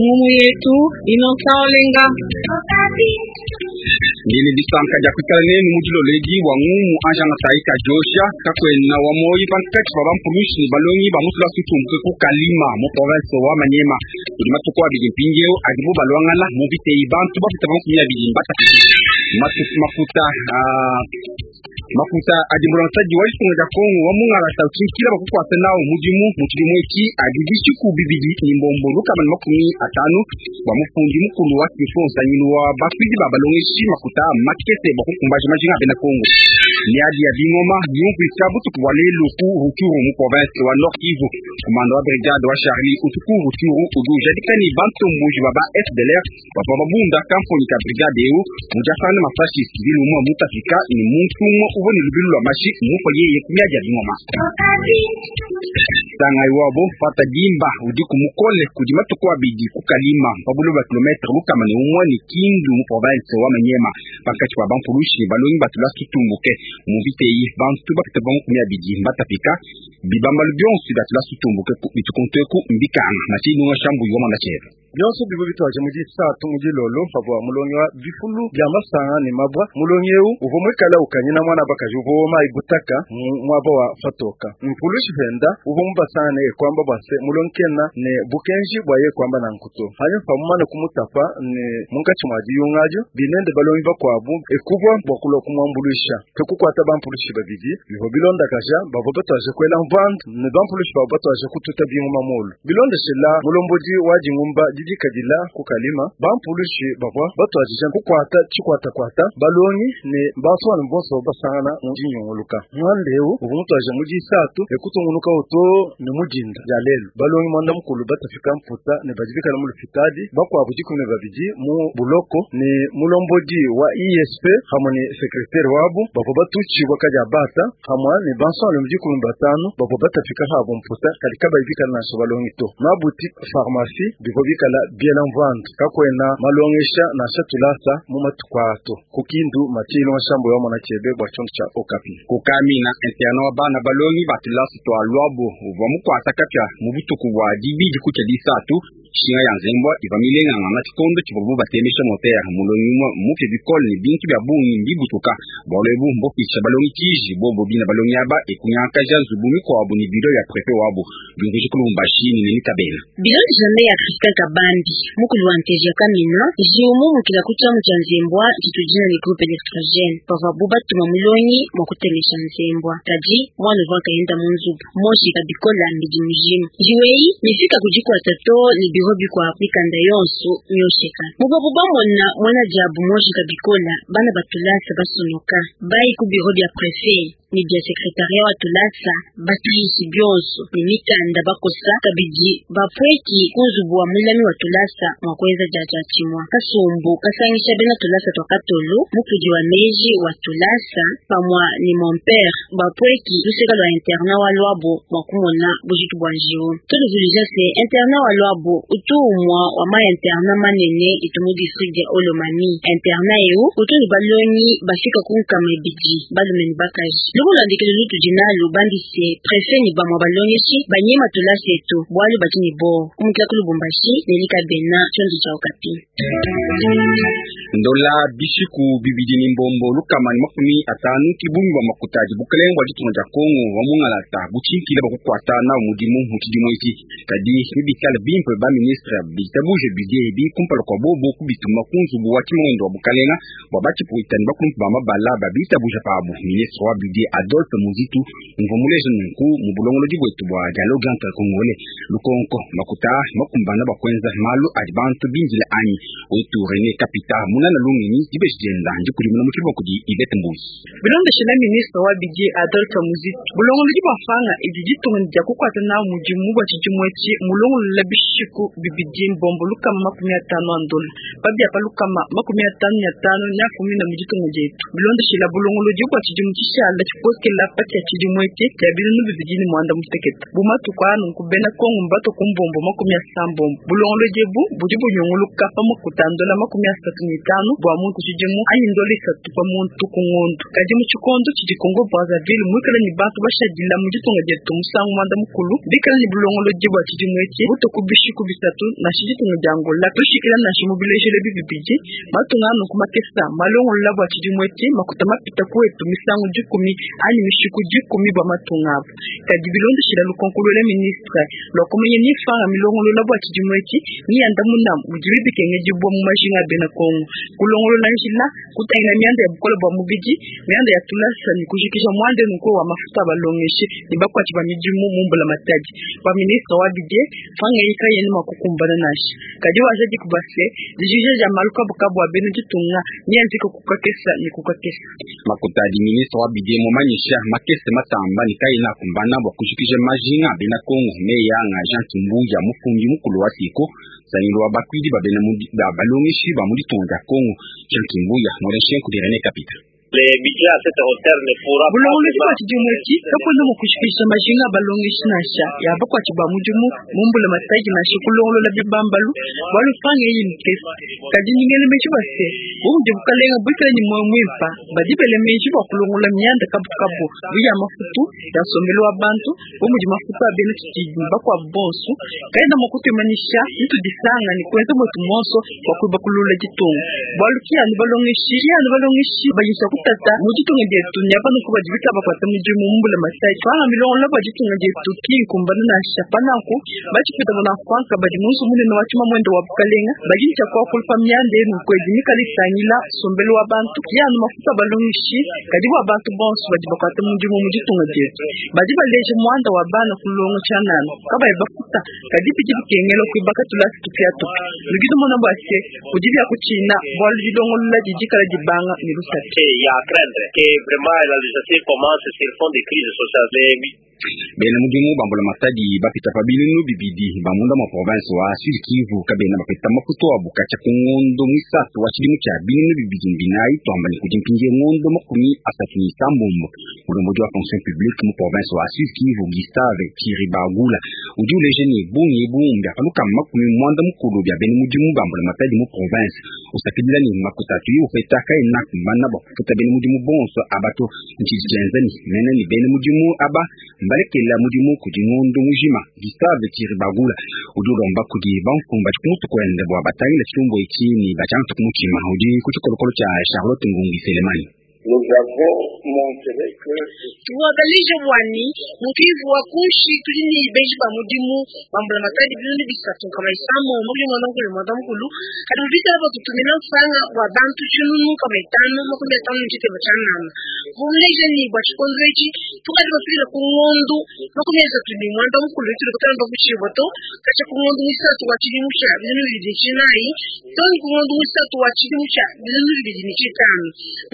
Mumu yetu inokaolenga ngene bisankanya kuikala nenu mudilolegi wa ng'umu anja na taika josha kakwena wa moyi pankati pa bampumisini balongi bamutula ku kalima mu province wa manyema kudi matuku abili mpingeo ali mu mu biteyi bantu bafuta bamukumia bili mbata makuta ah, makuta adi mulansaji wali tunga kongo wa munga la sauti kila bakuko asenao mudimu mutilimu eki adidishi ku bibidi ni mbombo luka man makumi atanu wa mufundi mukulu wa kifonsa nyinu wa bafizi babalongeshi makuta makete bakukumbaje majinga bena kongo miadi ya Bingoma Yumbu Isabu tukuwale ku Rutshuru mu province wa Nord Kivu. Komanda wa brigade wa Charlie Utuku Rutshuru udujadikani bantu muji baba FDLR bapa babunda kamponi ka brigade eu mujafana mafashi civil umwa mutafika ni muntu umwe ubone lubilu lwa mashi mu foyer yekumya ya Bingoma sanga iwabo fata dimba udi kumukole kudima tukuwabidi kukalima pabulu ba kilometre lukama ne umwani kindu mu province wa manyema pankati pa bampulushi balongi batu basutumbuke muviteyi bantu bapita bamukumi abidi mbatapika bibambalu byonsi batu basutumbuke bitukunteku mbikana na chilunga shambu iwama na wa bifulu bya masanga ni mabwa mulonyeu uvomwe kala ukanyina mwana bakaje uvoma igutaka mwabo wa fatoka mpulushi venda uvomba sana kwamba base mulonkena ne bukenji bwaye kwamba na nkuto fa famumane kumutapa ne munga chumaji yungajo binende balombi bakwabu ekubwa bwakula kumwambuluisha kekukwata bampulushi babidi bivo bilondakaja bavo batwaje kwela mvandu ne bampulushi bavo batwaje kututa binguma mulu bilondeshela waji wajingumba Kidi Kadila kukalima bampulushi babwa batwajija kukwata chikwatakwata balongi ne batswana bonso basangana mudinyongoloka mwandewu ubumutwaje mudisatu ekutunguluka oto ne mudinda ya lelo balongi mwanda mukulu batafika mputa ne badibikala mu lufitadi bakwabu dikumi babidi mu buloko ne mulombodi wa ISP hamwe ne sekretere wabu babo batuchibwa kadi bata hamwa ne banswana mudikumi batanu babo batafika habo mputa kadi kabadibikala naso balongi to mabuti farmasi biko bikala biela bielamvandu kakwena malongesha na shatulasa mu matuku ato kukindu matino mashambo ya mwana chebe bwa chongo cha okapi kukamina interna wa bana balongi batulasa twa lwabo uva mukwata kapya mu butuku bwa dibidi kucha disatu shinga ya nzembwa iva milenganga na chikondo chivuvu batemesha motera mulongimwa mupya bikole ni bintu bia bungi mbibutuka bwalwebu mbokwicha balongi kiji bobo bina balongi aba ekunyaka ja nzubumi kwabu ni biro ya prefe wabu binguji kulumbashi ni nini kabena biro ni ya Afrika kabambi mukulu wa nteja kamina jiumu mukila kuchamu cha nzembwa jitujina ni groupe electrogene pavabu batuma mulongi mwakutelesha nzembwa kaji mwana vaka yenda munzubu moshi kabikola mbiji mujimu jiwei nifika kujikwata to ni bikwa mikanda yonso myosheka mu babo bamona mwana jabu mojika bikola bana batulasa basonoka bai ku biro bya prefet ni n'ibya sekretaria wa tulasa batayisi byoso nimitanda bakosaka bidi bapweki kuzubua mulami wa tulasa mwakweza jajachimwa kasumbu kasangisha bena tulasa twa katolo mukudi wa meji wa tulasa pamwa ni mompere bapweki luseka lwa interna wa lwabo mwakumona bujitu bwa njiu tuluzulija se internat wa lwabo utumwa wa ma interna manene itumu district ya olomami interna eu utulu balongi bafika kunkama ebidi balumeni bakaji ndikulandikile lutu dinalo bandise prefe ni bamwa balonyeshi banye matolasi etu bwalu badi ni bo kumutila ku lubumbashi neli kabena tshiondu dia okapi ndola bishiku bibidi ni mbombo lukamani makumi atanu kibumi bua makuta dibukelengwa ditunu dia kongo wa mungalata butshinkile bakukuatana umudimu mukidimu iki kadi bibikala bimpe baministre ministre bitabuje bide bikumpala kua bobo kubituma kunzubu wa kimuendo wa bukalenga bua batshipuitani bakulumpu bamabala babitabuje pabu ministre wa bide Adolphe Muzitu mvumulezo mkuu bulongolodi bwetu bwa dialogue entre congolais lukonko makuta makumbana bakwenza malu adi bantu binjila anyi wetu Rene Kapita munana lungeni dibeshi jenza ndikulimuna mukili bakudi ibete mbuzi bilondeshe na ministre wa bidi Adolphe Muzitu bulongoloji bwafanga idi ditungani kukwata na mudi mubwa chidimweti mulongolo la bishiku bibidi mbombo lukama makumi atano andolo babia lukama makumi atano ya tano nya kumi na muditungu jetu bilondeshe la bulongoloji bwa chidimu chishala kusikila pati ya chidi mwete yabili nubi vijini mwanda museketa bumatu kwanu nkubena kongo mbato kumbombo makumi ya sambombo bulongolo jebu budi bunyongolo kapa mukutandola makumi ya satu nitano bwa muntu chidimu ayindola isatu pa muntu kungondo kadi muchikondo chidi kongo brazaville mwikala ni bantu bashadila muditonga diatu musangu mwanda mukulu bikala ni bulongolo jebu ya chidi mwete butuku bishiku bisatu na shiditonga dia ngola tushikila na shimubilejele bivibidi anu kumakesa malongolo la bua chidi mwete makuta mapita kuwetu misangu dikumi ani mishiku jikumi bwa matungabo kadi bilondo shila lukonkulu la ministre lokomenye ni fara milongolo la bwa kijimweki ni yanda munamu ujilibi kenye jibwa mumashinga bena kongo kulongolo la njila kutangina mianda ya bukola bwa mubiji mianda ya tulasa ni kujikisha mwande nuko wa mafuta balongeshe ni bakwa chiba mijimu mumbo la mataji wa ministre wa fanga yika yeni makukumbana nashi kadi wa kubase dijije ja maluka bukabu wa benu jitunga ni yanzika kukakesa ni kukakesa makutadi ministre wa bidye kumanyisha makese matamba ni kai na kumbana bwa kujukije majina bena Kongo meya nga Jean Kimbuya mufungi mukulu wa siko sanilwa bakwidi babena mudi balongishi ba mudi tonga Kongo Jean Kimbuya mweleshe ku Rene Capital bulongozi bwa tshidimu edi kapwena mu kushikisha majina balongeshi nasha yaba kwa tshibamudimu mumbula matagi nasha kulongolola bibambalu bualufanga iyi mutesi kadi ningelemeshi base bumudi bukalenga buikala ni moyo mwimpa badi belemeshi bua kulongola mianda kabukabu buya mafutu ya yasombelwa bantu bumudi mafutu abene tshidimu bakua bonso kaenda mukutumanisha disanga ni kuenza mwetu monso kwa kuiba kulula ditongo bualukiani balongeshi iani balongeshi ku sasa mujitungenge tunyapano ko bajibika bakwata muje mu mbula masai twanga milongo la bajitungenge tuki kumbana na shapana ko bajipita na kwanka badi musu mune na watima mwendo wa bukalenga bajicha kwa kulfa myande no kwedi mikali tangila sombelo wa bantu yanu mafuta balungishi kadibu abantu bonso badi bakwata muje mu mujitungenge badi baleje mwanda wa bana kulongo chanana kaba ibafuta kadibu jibikengelo kwibaka tulasi tukia tuki lugido mona bwase kujibya kuchina bwa lidongo la jibanga ni rusate eh, ya que craindre que vraiment la législation commence sur fond de crise sociale. bena mudimu bambula matadi bapita pa binunu bibidi bamunda mwa province wa Sud Kivu kabena bapita makuto wa bukacha ku ngondo mwisatu wa chidimu cha binunu bibidi mbinayi twambani kudi mpinje ngondo makumi asatu ni sambombo mulongozi wa fonction publique mu province wa Sud Kivu Gustave Kiribagula udi uleje ni bungi bumbi apaluka makumi mwanda mukulu bia bena mudimu bambula matadi mu province usakidila ni makutatu yu ufetaka ina kumbana bakufuta bena mudimu bonso abatu nchijenza ni mena ni bena mudimu aba mba balekela mudimu kudi ngundu mujima bisave tshiri bagula udi ulomba kudi banfumba tshikumutu kuende bua batangila tshilumbu itshi ni batshiantu mutshima udi ku tshikolokolo tsha charlotte ngungi selemani tuwagalije bwani mukivu wa kushi tulini beji ba mudimu bambula matadi bilioni bisatu kama isamo mokili ngono kule mwada kadubita hapo tutumina mfanga wa bantu chununu kama itano makumi atano njite bachanana vumleje ni bwachikonzeji tukati batulile kungondu makumi atatu ni mwanda mkulu itule kutana bakuchile bato kacha kungondu mwisatu wa chilimu cha bilioni bibili chinayi toni kungondu mwisatu wa chitano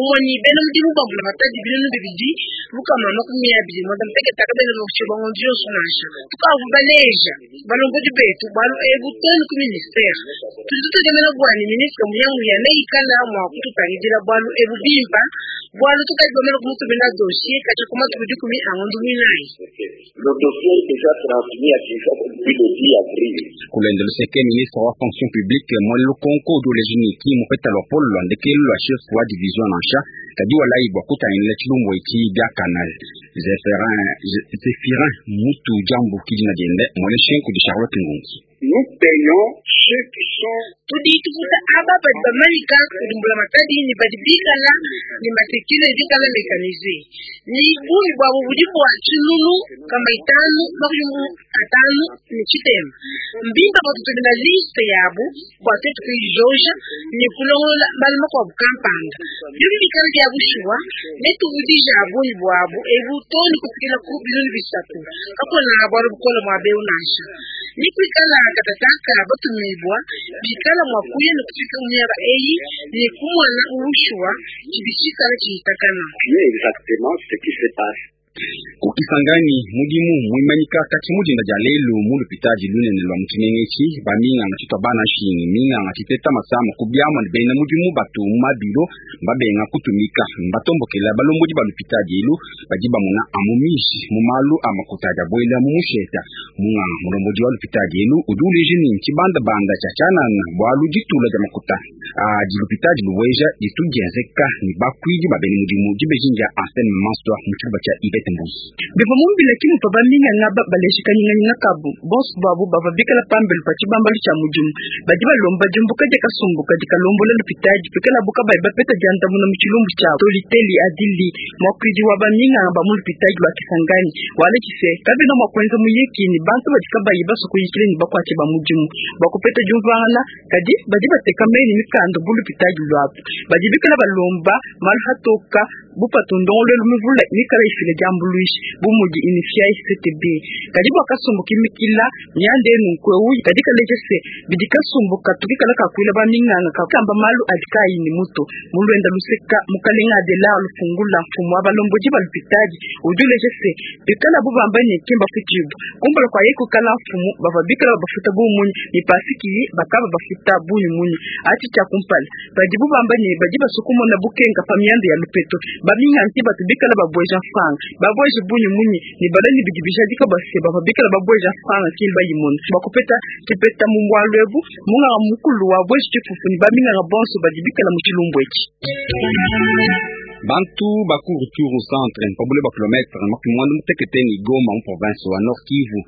umwani bena n'undi bubangura abatagira n'undi bidi bukama makumyabiri mu ndamutse gataka beza mu kigo mu ndyo sunasha twavuga neja balongo di betu balo egutani ku ministeri tuzitegeme no gwani ministeri muyangu ya neikana mwakutukalidira balo ebubimba bwalo tukagomera kumutumira dossier kacha kuma tubidi kumi awandu minai le dossier ministre wa fonction publique mwalilukonko odolezuniki mufetalopolo ndekelo wa chef wa division nansha jua laibu akuta ile chilumbwe ikija kana Zephirin Zephirin mutu jambo kijina jende mwele shenku di Charlotte Ngungi nous payons ceux qui sont tuditukuta aba badi bamanyika kudumbula matadini badi bikala ni masekele bikala mekanize ni buyi bwabu budi bwa tshilulu kamba itanu makumi atanu ni tshitema mbimba batutuli na liste yabu bwatete kuizoja ni kulongola balima kwa bukampanga bibi bikala bia bushiwa netu budi jabuni bwabu ebu kufikila ku bilulu bisatu kako bwari bukola bwa nasha ni kuikala bakatakataka batumibwa bikala mwakuya ni kufika umyaba eyi ni kumwana urushwa kibishikana kihitakana kukisangani mudimu mwimanyika kati mudinda dia lelu mulu lunene lua mutshinengetshi baminga na tshitwa banashinyi minga na tshiteta masamu kubiamu ne bena mudimu batu mumabilo mbabenga kutumika mbatombokela balombodi balu pitaji ilu badi bamuna amu mumalu ama kutaja boela mumusheta munga mulombodi walu pitaji ilu udi ulejini tshibandabanda tshia tshianana bualu ditula dia makuta dilu luweja itu dienzeka ni bakuidi babene mudimu dibejindia anselme manswa mu tshia ibet simbuzi biva mumbile kimu pa baminyanga baleshika nyinganyinga kabu bonso babu bava bikala pambelu pa tshibambalu tshia mudimu badi balomba dimbuka dia kasumbuka dikalombola lupitaji pikala buka bayi bapeta diandamuna mu tshilumbu tshabo toliteli adili muakuidi wa baminyanga ba mu lupitaji lua kisangani wala tshise kabina muakuenza muyekini bantu badika bayi basukuyikile ni bakuache ba mudimu bakupeta diumvangala kadi badi batekameni mikando bu lupitaji luapu badi bikala balomba maluhatoka bupatunda muvula mikala ifile dia mbuluishi bumuji inifia ICTB kadi bwakasumbuka imikila myanda enu nkwewu kadi kalejese bidi kasumbuka tukikala baminganga kakamba malu adikayini muto mulwenda luseka mukalenga adela lufungula mfumu abalomboji balupitaji udulejese bikala bubamba nekimba fuchibu kumbala kwa yeku mfumu bava bikala bafuta bumunyi nipasikili bakaba bafuta buyi munyi ati chakumpala badi bubamba ne badi basukumona bukenga pamyanda ya lupeto bamingi anti bikala babweja fanga babweje bunyu munyi ni balani bigibisha dika baseba babikala babweja fanga kili bayimona bakopeta tipeta mumbwa lwebu munga mukulu wabweje tifufu ni baminga bonso bagibikala muchilumbwe ki bantu bakurutu au centre mpabule bakilometre makumwandu muteketeni goma mu province wa nord kivu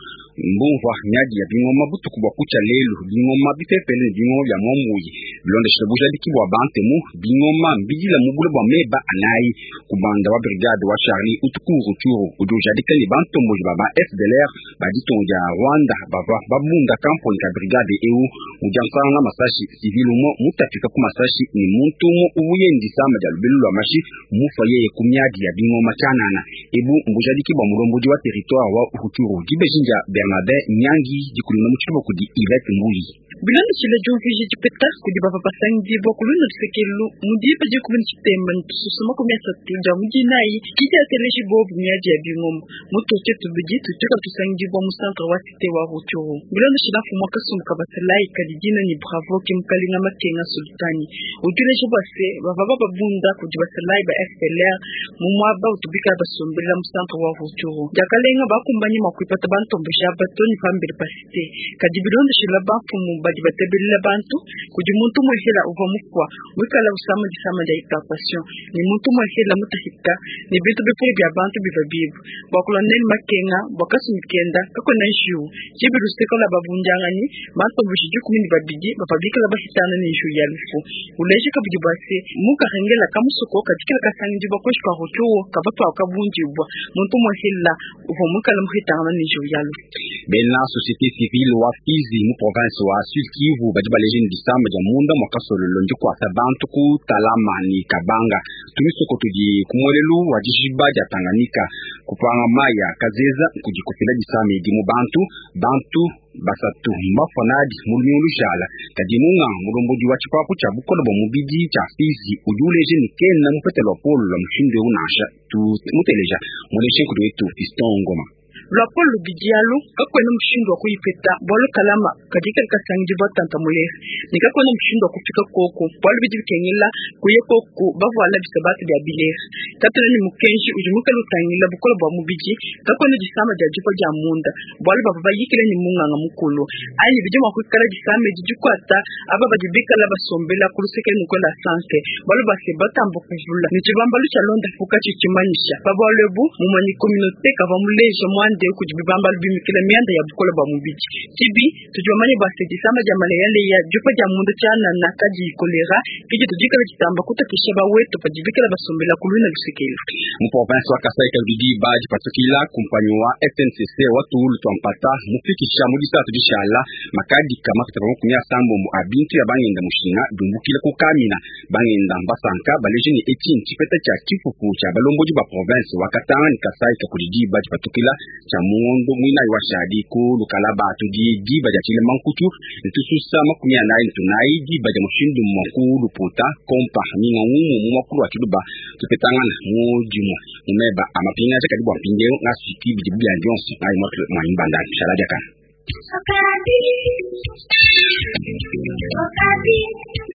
mbumva nyadi ya bingoma butuku bwa kucha lelu bingoma bipepele ni bingoma bya mwamuyi bilonda shitabuja biki bantemu bingoma mbidila mubula bwa meba anayi kubanda wa brigade wa Charlie utukuru turu udoja dikani bantombo ba ba FDLR baditonja Rwanda baba babunda kamponi ka brigade eu mujansana na masashi civilu mutafika ku masashi ni muntu mo ubuyendi sama lubelu lwa mashi mufa yeye kumyadi ya bingoma chanana ebu mbujadiki bwa mulomboji wa territoire wa uhuturu gibejinja bya Bernardin Nyangi gikuluna mu chilimo kudi Yvette Mbuli bilandishile diumvije dipeta kudi bava basangi bokulunda disekelu mudipa dikuvuni chitemba nitususuma kumiasatu dia mudinayi kidiaseleji bobu miadi ya bingomo mutuche tubidi tutuka tusangi bua musantra wa site wa rutshuru bilandishile afumwa kasumuka baselayi kalidina ni bravo kimukalinga makenga sultani udileji buase bava ba babunda kudi baselayi ba fpr mumuaba utubikala basombela musantra wa rutshuru diakalenga bakumbanye makuipata bantombeja batoni pambele pa site kadi bilandishile bampumu badi batabelila bantu kudi muntu mwehela uva mukwa mwikala usama disama dia implantation ni muntu mwehela mutahita ni bintu bipuri bia bantu biva bibu bua kolonel makenga bua kasumikenda kakona njiu dibi lusekala babundiangani matombu didi kumi ni babidi bapabikala bahitana ni njiu ya lufu uleje kabudi buase mukarengela kamusuko kadikila kasangi bua koshika rotuo kabatua kabundibua muntu mwehela uva mwikala muhitana ni njiu ya lufu bena société civile wa fizi mu province wa Sud Kivu badi balejeni disamba dia munda mwakasololo ndi kuasa bantu ku Talama ni Kabanga tumisoko tudi kumwelelu wa dijiba dia Tanganyika kupanga maya kazeza kudikupila disami di mu bantu bantu basatu mbafanadi mulumi ulujala tadimunga mulombodi wa tshipapu tshia bukolobo mubidi tshia fizi udi ulejeni kena mupetelo wa polo lua mushindu eunasha tu muteleja muleje kudi wetu Fiston Ngoma Lwapolo Bidialo kakwena mshindo wa kuipeta bwalo kalama kadika kasangi batanta mulefu ni kakwena mshindo wa kufika koko bwalo bidi bikengela kuye koko bavuala bisabatu bya bilefu tatana ni mukenji ujumuka lutangila bukola bwa mubidi kakwena disama dia jupa dia munda bwalo baba bayikile ni munganga mukulu ali bidi makwikala disama edi dikwata aba badi bikala basombela kulusekele mukwenda sanse bwalo base batambuka vula ni tshibambalu tshia londa fuka tshikimanyisha pabwalo bu mumani communauté kava muleja mwanda de kujibibamba bimikile mianda ya bukola ba mubiki tibi tujomanye basekisamba jamale yale ya jupa ja mundu chana na kaji kolera tujika la jitamba kuta kishaba kisha ba wetu pajibikala basombela kulwina lusekelo mupo wapansi wa kasai kalbidi baji patukila kumpanyo wa FNCC watu ulu twampata mufikisha mudisatu dishala makadi kama kutaka kumia sambo mu abintu ya bangenda mushina dumbukile kukamina bangi bangenda mbasanka baleje ni etini chipeta cha kucha balombo juba provinsi province wakatani kasai kakulidi baji patukila mundu mwina wa shadiku lukala batu didi baja chile mankutu nitususa makumia ya nai nai di baja mshindu makulu puta kompa ninga umu mumakulu wakiduba tupetangana umeba ama amapinga aja kadibu wampingeo nga siti bijibu ya jonsi ngai mwa mwanyumba ndani shalaja kana Okabi, Okabi.